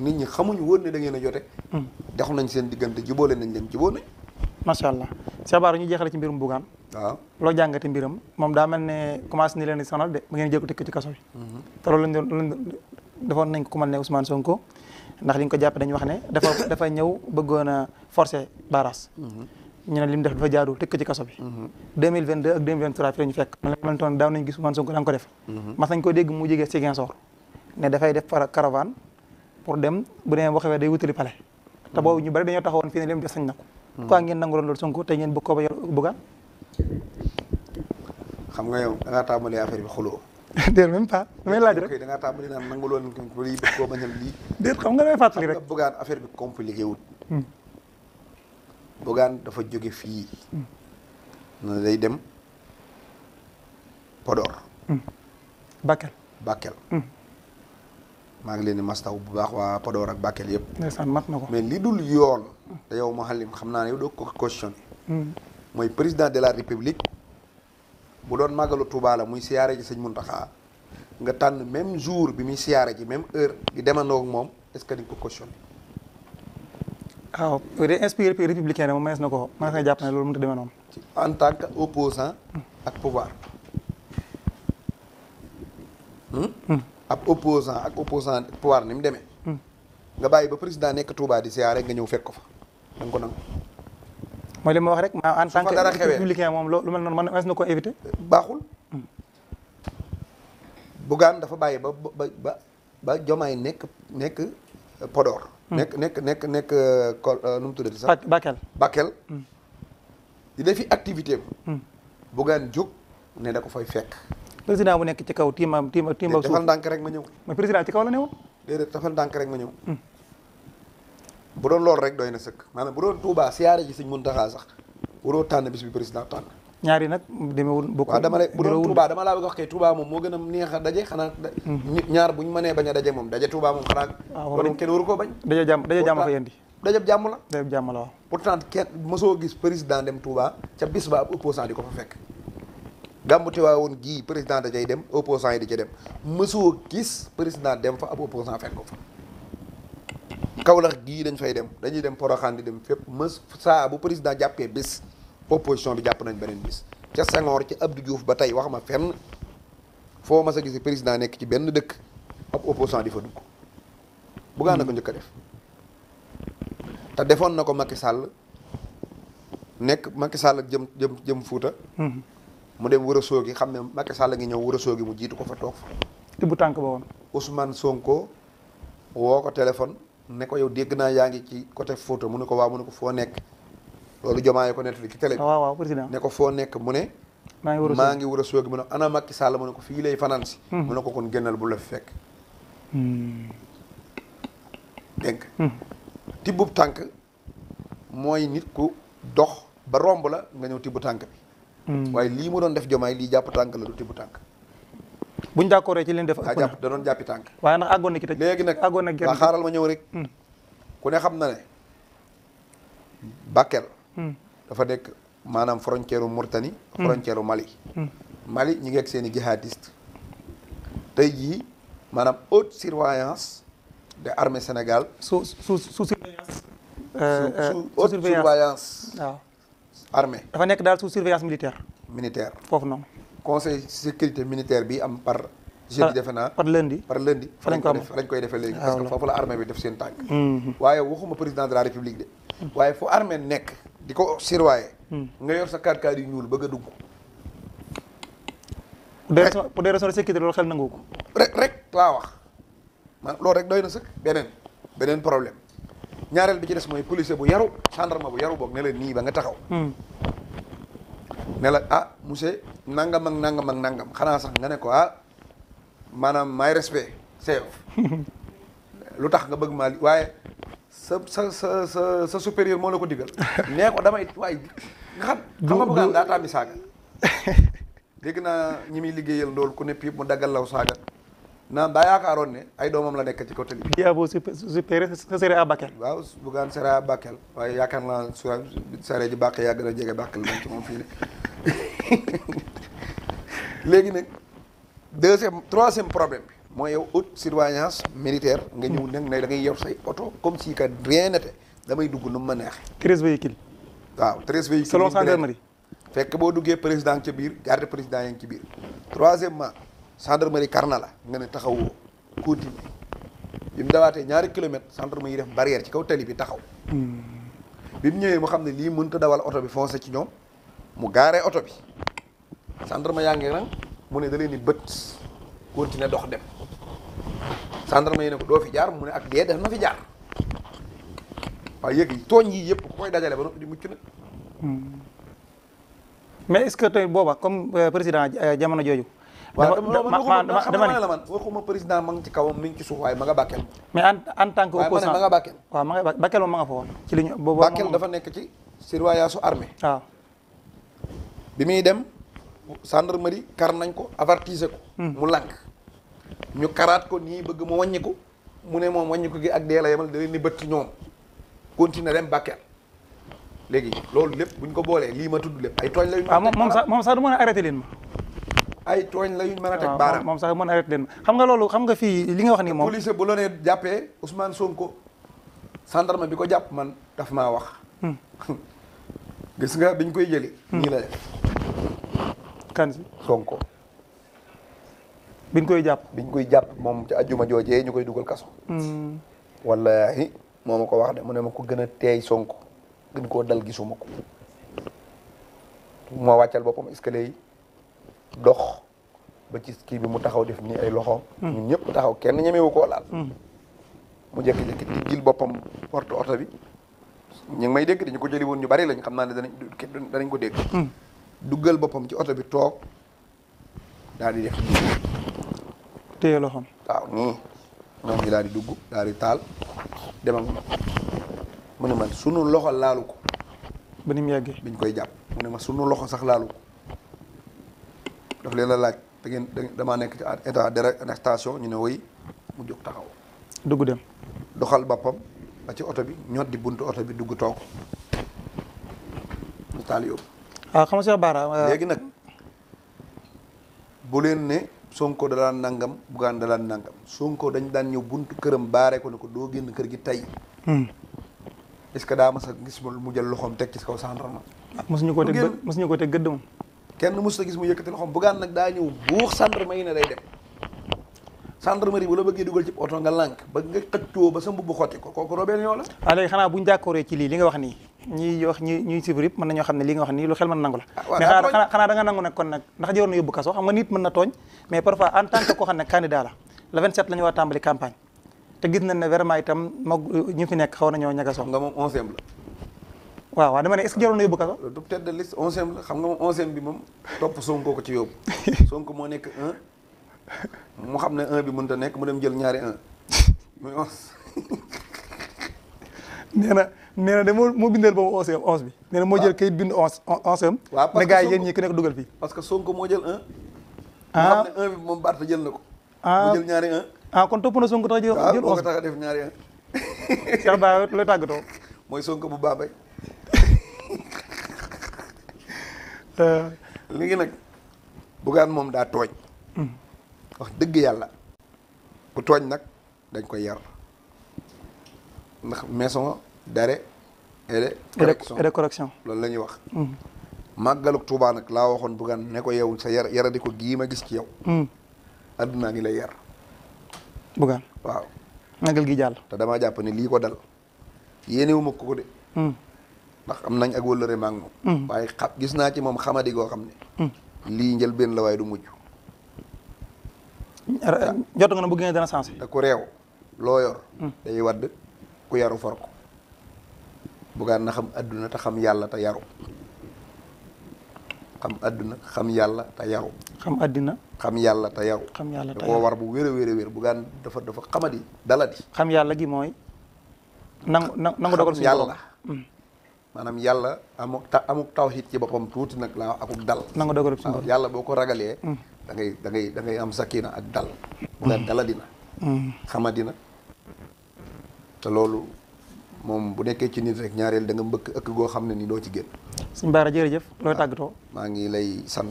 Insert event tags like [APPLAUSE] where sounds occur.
nit ñi xamuñu woon ne da ngeen a jote hmm. dexu nañ seen diggante jubóole nañ leen jubóo nañ macha allah Cheikh Bara ñu jeexale ci mbirum Bougane waaw loo jàngate mbiram moom daa mel ne commencé ni leen sanal sonal de mu ngeen jël ko tëkk ci hmm. defoon nañ ko ku mel ne Ousmane Sonko ndax li ko jàpp dañu wax ne dafa dafa ñëw bëggoon a forcer baras hmm. ñu ne li mu def dafa jaadu tëkk ci fekk man la toon daaw nañ gis Ousmane ko def mas nañ ko dégg mu jege Ziguinchor ne dafay def caravane pour dem bu demee boo xewee day wutali palais te boobu ñu bari dañoo taxawoon fii ne leen sañ na ko quoi ngeen nangu loolu Sonko te nga yow da ngaa bi xuloo [LAUGHS] déet même pas laaj rek da ngaa tàmbali naan nangu loolu ko nga damay fàttali rek bëggaan affaire bi compliqué wut hmm. bëggaan dafa jóge fii hmm. na day dem Podor hmm. Bakel maa ngi leen di mastaw bu baax waa Podor ak Bakel yëpp. ndeysaan mat na ko mais li dul yoon. te yow Mouhalim xam naa ne yow doo ko cautionné. Hmm. mooy président de la république. bu doon màggalu Touba la muy siyaare ji sëñ Mountakha nga tànn même jour bi muy siyaare ji même heure di demandoo ak moom est-ce que di nga ko cautionné. waaw de inspiré puis républicain moom mees na ko maa ngi jàpp ne loolu mënut a demee noonu. en tant que ak pouvoir. Hmm. Hmm. ab opposant ak opposant pouvoir ni mu demee. Hmm. nga bàyyi ba président nekk Touba di siyaare nga ñëw fekk ko fa da nga ko nangu. mooy li ma wax rek ma en tant que républicain moom lu mel noonu ma est na ko éviter. baaxul. Hmm. Bougane dafa bàyyi ba ba nekk nekk Podor. Hmm. nekk nekk nekk nekk euh, nu mu tuddati sax. Bakel Bakel. di defi activité am. Bougane jóg ne da ko fay fekk. président bu nekk ci kaw tiimam tiima tiimam suuf defal ndànk rek ma ñëw mais président ci kaw la ne woon déedéet defal ndànk rek ma ñëw hmm. bu doon loolu rek doy na sëkk maanaam bu doon Touba siyaare ji sëñ Muntaxa sax waroo tànn bis bi président tànn ñaari nag demeewul bokkul waaw dama lay bu doon Touba dama laa bëgg wax kay Touba moom moo gën a neex a daje xanaa hmm. ñaar buñu mënee bañ a daje moom daje Touba moom xanaa ah, kon kenn waru koo bañ daje jàmm daje jàmm fa yendi dajab jàmm la dajab jàmm la waaw pourtant kenn mosoo gis président dem Touba ca bis ba ab opposant di ko fa fekk waa woon gii président da cay dem opposant yi di ca dem mësoo gis président dem fa ab opposant fekk ko fa Kawlax gii dañ fay dem dañuy dem Poroxaan di dem fépp mës saa bu président jàppee bis opposition bi jàpp nañ beneen bis ca Senghor ca Abdou Diouf ba tey wax ma fenn foo mas a gis président nekk ci benn dëkk ab opposant di fa dugg Bougane ko njëkk a def te defoon na ko Macky Sall nekk Macky Sall jëm jëm jëm Fuuta mhm. mu dem Ourossogui xam ne Macky Sall ngi ñëw Ourossogui mu jiitu ko fa toog fa. tibb tànk ba woon. Ousmane Sonko woo ko téléphone ne ko yow dégg naa yaa ngi ci côté Fouta mu ne ko waaw mu ne ko foo nekk loolu ko nettali ah, waaw nekk mu ne. maa ngi maa ngi Ourossogui mu ne ana Macky Sall mu ne ko fii lay fanaan si. Hmm. mu ne ko kon génnal bu la fi fekk. Hmm. dégg nga. Hmm. tibbub tànk mooy nit ku dox ba romb la nga ñëw tibbu tànk bi. Mm. waaye lii mu doon def jomaay lii jàpp tànk la du tibb tànk buñ d'accord ci leen def ak jàpp da doon jàppi tànk waaye nag àggoon na ci tëj xaaral ma ñëw rek mm. ku ne xam na ne Bakel mm. dafa nekk maanaam frontière u Mauritanie frontière u Mali Mali ñu ngi ak seen i jihadiste tey jii maanaam haute surveillance de armée Sénégal sous sous sous surveillance euh, sous euh, surveillance armée dafa nekk daal sous surveillance militaire. militaire foofu noonu. conseil sécurité militaire bi am par. jeudi defe naa par lundi par lundi. fa lañ ko am lañ koy defee léegi parce que foofu la armée bi def seen tànk. Mhm. waaye waxuma président de la république de. waaye fu armée nekk di ko surveiller. Hmm. nga yor sa kaar kaar yu ñuul bëgg a dugg. rek pour des raisons de sécurité loolu xel nangu ko. rek rek laa wax man loolu rek doy na sëkk beneen beneen problème. ñaareel bi ci des mooy policier bu yaru gendarme bu yaru boog ne la nii ba nga taxaw hmm. ne la ah monsieur nangam ak nangam ak nangam xanaa sax nga ne ko ah maanaam maay respect seyof [LAUGHS] lu tax nga bëgg maa waaye sa sa sa sa supérieur moo la ko digal [LAUGHS] nee ko damay waaye nga xam xam nga bëggaan daa tàmmi saaga [LAUGHS] dégg naa ñi muy liggéeyal loolu ku nepp yëpp mu daggal law saaga naan daa yaakaaroon ne ay doomam la nekk ci côté bi. Diabo Séré Bakel. waaw Bougane Séré Bakel waaye yaakaar naa su Séré ji bàq yaa gën a jege bàq la ci moom fii ne [LAUGHS] léegi nag deuxième troisième problème bi mooy yow haute surveillance militaire nga ñëw nag ne da ngay yor say oto comme si que rien n'était damay dugg nu mu ma neexee. treize véhicules. waaw treize véhicules. selon gendarmerie. fekk boo duggee président ci biir garde président yaa ngi ci biir troisièmement gendarmerie kar na la nga ne taxawoo continuer bi mu dawaatee ñaari kilomètres gendarme yi def ci kaw tali bi taxaw hmm. bi ñëwee mu xam ne lii mënut a dawal oto bi foncé ci ñoom mu gaaree oto bi gendarme yaa ngi rang mu ne da leen di bët continuer dox dem gendarme yi ne ko doo fi jaar mu ne ak dee def na fi jaar waaye yi tooñ yi yëpp ku koy dajale ba di mucc nag hmm. mais est-ce que tey booba comme euh, président euh, jamono jooju la man waxuma président ma ngi ci kawam mi ngi ci suuf waaye ma nga bàkkeel mais en tant que opposant ma nga bàkkeel waaw ma nga bàkkeel moom ma nga fa woon ci li ñu boobu bàkkeel dafa nekk ci surveillance armée waaw ah. bi muy dem gendarmerie kar nañ ko avertiser ko hmm. mu lànk ñu karaat ko nii bëgg mu wàññiku mu ne moom wàññiku gi ak dee la yemal da leen ni bëtt ñoom continuer dem bàkkeel léegi loolu lépp buñ ko boolee lii ma tudd lépp ay tooñ la. waaw ah, moom sax moom sax du mën a arrêté leen ma. ay tooñ la yuñ mën a teg baaraam moom sax mën arrêté leen xam nga loolu xam nga fii li nga wax ni moom police bu la nee jàppee Ousmane Sonko gendarme bi ko jàpp man daf maa wax hmm. gis nga biñ koy jëli ñii hmm. la def kan koy jàpp biñ koy jàpp moom ci ajuma joojee ñu koy dugal kaso hmm. wallahi moo ma ko wax de mu ne ma ko gën a teey sonk gën koo dal gisuma ko moo wàccal boppam escalier yi dox ba ci kii bi mu taxaw def nii ay loxoom. Hmm. ñun ñëpp taxaw kenn ñemewu koo laal. Hmm. mu jékki-jékki di jil boppam porte oto bi ñu ngi may dégg dañu ko jëli woon ñu bari lañ xam naa ne danañ danañ ko dégg. Hmm. duggal boppam ci oto bi toog daal di def. téye loxoom. waaw nii ñoom ñu daal di dugg daal taal dem ak mu man sunu loxo laalu ko. ba ni mu yàggee koy jàpp mu ne ma sunu loxo sax laalu ko. daf leen la laaj da damaa nekk ci état d'arrestation ñu ne woy mu jóg taxaw. dugg dem. doxal boppam ba ci oto bi ñoot di buntu oto bi dugg toog mu taal yóbbu. waaw ah, xam nga Cheikh euh, léegi nag bu leen ne Sonko da daan nangam Bougane da daan nangam Sonko dañ daan ñëw buntu këram baaree ko ne ko doo génn kër gi tey. Hmm. est-ce daa mas a gis mu jël loxoom teg ci kaw gendarme. ah mosuñu ko teg gëdd mosuñu ko teg gëdd moom. kenn mosut a gis mu yëkkati loxoom bugaan nag daa ñëw buux gendarmerie ne day dem gendarmerie bu la bëggee dugal ci oto nga lànk ba nga xëccoo ba sa mbubb xotti ko kooku rébellion la. waaw ah, léegi xanaa bu ñu d'accord ci lii li nga wax nii ñuy wax mën nañoo xam ne li nga wax nii lu xel mën nangu la. Ah, mais xanaa xanaa nangu nag kon nag ndax jëroon na yóbbu en tant ñu war a tàmbali campagne te gis nañ ne vraiment itam moog ñu fi nekk xaw nañoo ñagasoo nga waaw waaw dama ne est-ce que jaroon na yóbbu kaso. du tête de xam nga moom bi moom topp Sonko ko ci yóbbu [LAUGHS] Sonko moo nekk un xam ne un bi mënut a nekk mu dem jël ñaari un muy onze. [LAUGHS] nee na nee de moo moo bindal boobu onze bi. nee moo jël kayit bind onze onze am. waaw parce que ne parce que Sonko moo jël ah. moom Barth jël na ko. Ah. jël ñaari un. ah kon topp na Sonko a def ñaari [LAUGHS] mooy Sonko bu Bambey. te. léegi nag Bougane moom daa tooñ. Mm. wax dëgg yàlla. bu tooñ nag dañ koy yar ndax maison d'arrêt et de correction loolu lañuy ñuy wax. Mm. màggaluk Tuubaa nag laa waxoon Bougane ne ko yow sa yar yara di ko gii ma gis ci yow. Mm. a ngi lay yar. Bougane waaw. màggal gi jàll. te damaa jàpp lii ko dal yéene wu ko de. ndax am nañ ak wëllëre maag moom mm. waaye xam gis naa ci moom xamadi goo xam ne mm. lii njëlbeen la waaye du mujj jot nga na bu gënee dana sensé te ku réew mm. yaru for ko xam àdduna te xam yàlla te yaru xam àdduna xam yàlla te yaru xam yàlla te yaru xam yàlla te koo war bu wér a wér a xam yàlla gi mooy nangu nangu dogal suñu yàlla maanaam yàlla amuk ta amuk tawhid ci boppam tuuti nag la akuk dal nangu dogalu suñu borom yàlla boo ko ragalee mm. da ngay am sakina ak dal bu mm. la dala dina mm. xama dina te loolu moom bu nekkee ci nit rek ñaareel da mbëkk ëkk goo xam ne ni doo ci génn maa ngi lay sant